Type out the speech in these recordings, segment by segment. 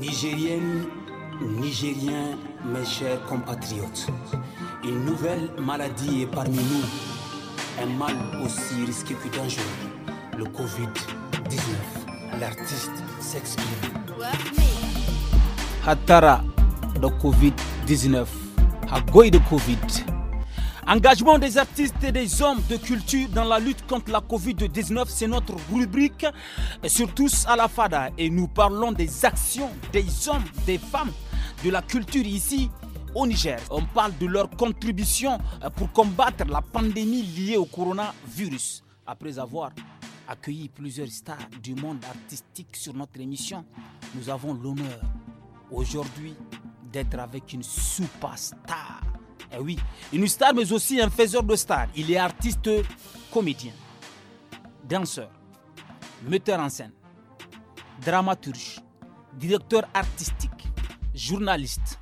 Nigériennes, Nigériens, mes chers compatriotes, une nouvelle maladie est parmi nous, un mal aussi risqué que dangereux, le Covid-19. L'artiste s'exprime. Hatara, le Covid-19. goy de Covid. -19. Engagement des artistes et des hommes de culture dans la lutte contre la Covid-19, c'est notre rubrique sur tous à la FADA. Et nous parlons des actions des hommes, des femmes de la culture ici au Niger. On parle de leur contribution euh, pour combattre la pandémie liée au coronavirus. Après avoir accueilli plusieurs stars du monde artistique sur notre émission, nous avons l'honneur aujourd'hui d'être avec une superstar eh oui, une star, mais aussi un faiseur de stars. Il est artiste, comédien, danseur, metteur en scène, dramaturge, directeur artistique, journaliste,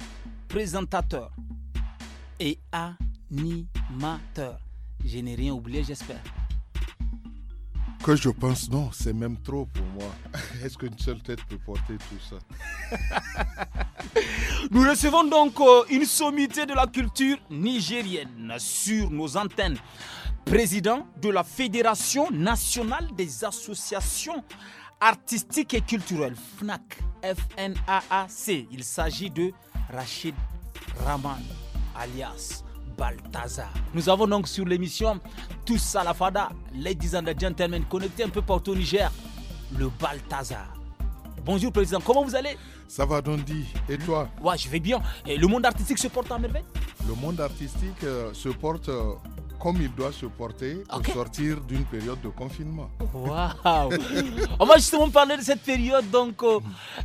présentateur et animateur. Je n'ai rien oublié, j'espère. Que je pense, non, c'est même trop pour moi. Est-ce qu'une seule tête peut porter tout ça Nous recevons donc euh, une sommité de la culture nigérienne sur nos antennes. Président de la Fédération nationale des associations artistiques et culturelles, FNAC, FNAAC. Il s'agit de Rachid Raman alias Balthazar. Nous avons donc sur l'émission Tous à la Fada, Ladies and Gentlemen, connectés un peu partout au Niger le Balthazar. Bonjour président, comment vous allez Ça va Dondi, et toi Ouais, je vais bien. Et le monde artistique se porte à merveille Le monde artistique euh, se porte euh, comme il doit se porter pour sortir d'une période de confinement. Waouh On va justement parler de cette période donc euh,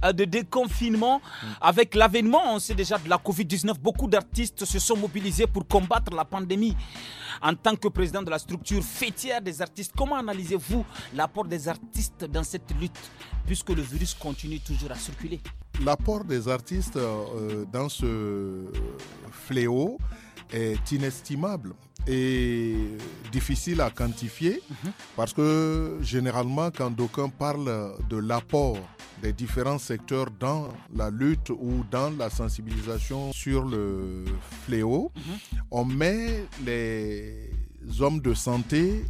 euh, de déconfinement. Mm. Avec l'avènement, on sait déjà de la Covid-19, beaucoup d'artistes se sont mobilisés pour combattre la pandémie. En tant que président de la structure fêtière des artistes, comment analysez-vous l'apport des artistes dans cette lutte puisque le virus continue toujours à circuler L'apport des artistes euh, dans ce fléau est inestimable est difficile à quantifier parce que généralement quand d'aucuns parlent de l'apport des différents secteurs dans la lutte ou dans la sensibilisation sur le fléau, on met les hommes de santé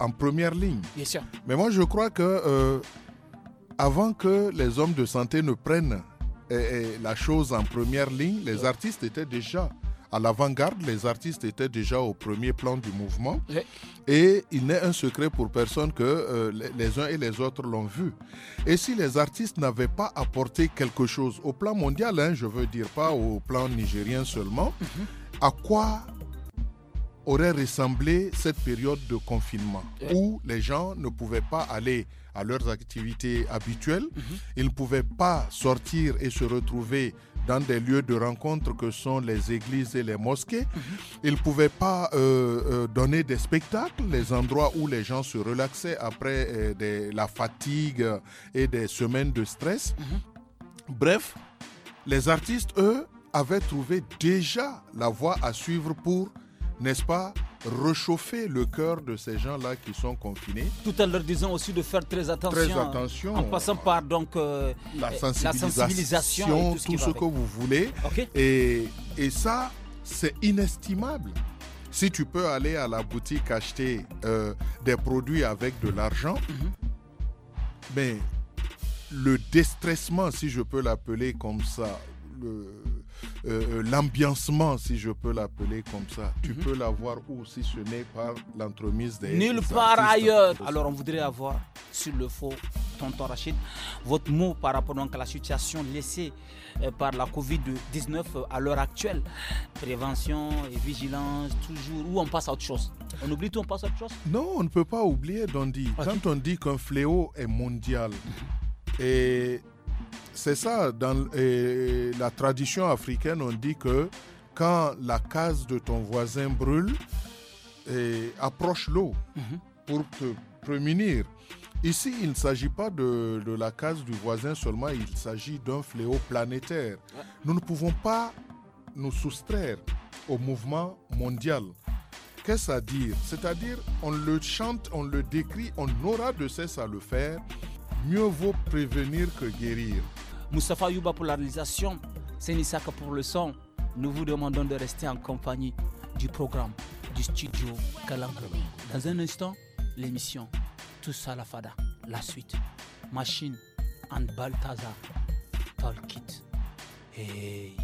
en première ligne. Mais moi je crois que euh, avant que les hommes de santé ne prennent eh, eh, la chose en première ligne, les artistes étaient déjà à l'avant-garde, les artistes étaient déjà au premier plan du mouvement. Et il n'est un secret pour personne que euh, les uns et les autres l'ont vu. Et si les artistes n'avaient pas apporté quelque chose au plan mondial, je hein, je veux dire pas au plan nigérien seulement, mhm. à quoi aurait ressemblé cette période de confinement où les gens ne pouvaient pas aller à leurs activités habituelles, mhm. ils ne pouvaient pas sortir et se retrouver dans des lieux de rencontre que sont les églises et les mosquées. Mhm. Ils ne pouvaient pas euh, euh, donner des spectacles, les endroits où les gens se relaxaient après euh, la fatigue et des semaines de stress. Mhm. Bref, les artistes, eux, avaient trouvé déjà la voie à suivre pour, n'est-ce pas, rechauffer le cœur de ces gens-là qui sont confinés. Tout en leur disant aussi de faire très attention. Très hein, attention. En passant par donc euh, euh, la, sensibilisation, tout ce, que vous voulez. Et, ça, c'est inestimable. Si tu peux aller à la boutique acheter euh, des produits avec de l'argent, mhm. mais le déstressement, si je peux l'appeler comme ça, le, euh, euh, l'ambiancement, si je peux l'appeler comme ça, tu mhm. peux l'avoir où si ce n'est par l'entremise des. Nulle part ailleurs. Alors on voudrait avoir, sur le faux, tonton Rachid, votre mot par rapport donc à la situation laissée euh, par la Covid-19 à l'heure actuelle. Prévention et vigilance, toujours, où on passe à autre chose. On oublie tout, on passe à autre chose Non, on ne peut pas oublier, Dondi. Quand on dit qu'un fléau est mondial, mhm. et c'est ça. Dans la tradition africaine, on dit que quand la case de ton voisin brûle, et approche l'eau mhm. pour te prémunir. Ici, il ne s'agit pas de, de, la case du voisin seulement, il s'agit d'un fléau planétaire. Nous ne pouvons pas nous soustraire au mouvement mondial. Qu'est-ce à dire C'est-à-dire, on le chante, on le décrit, on aura de cesse à le faire Mieux vaut prévenir que guérir. Moustapha Yuba pour la réalisation, pour le son. Nous vous demandons de rester en compagnie du programme du studio Kalambra. Dans un instant, l'émission Tout ça la Fada, la suite. Machine and Baltazar Talkit. Hey.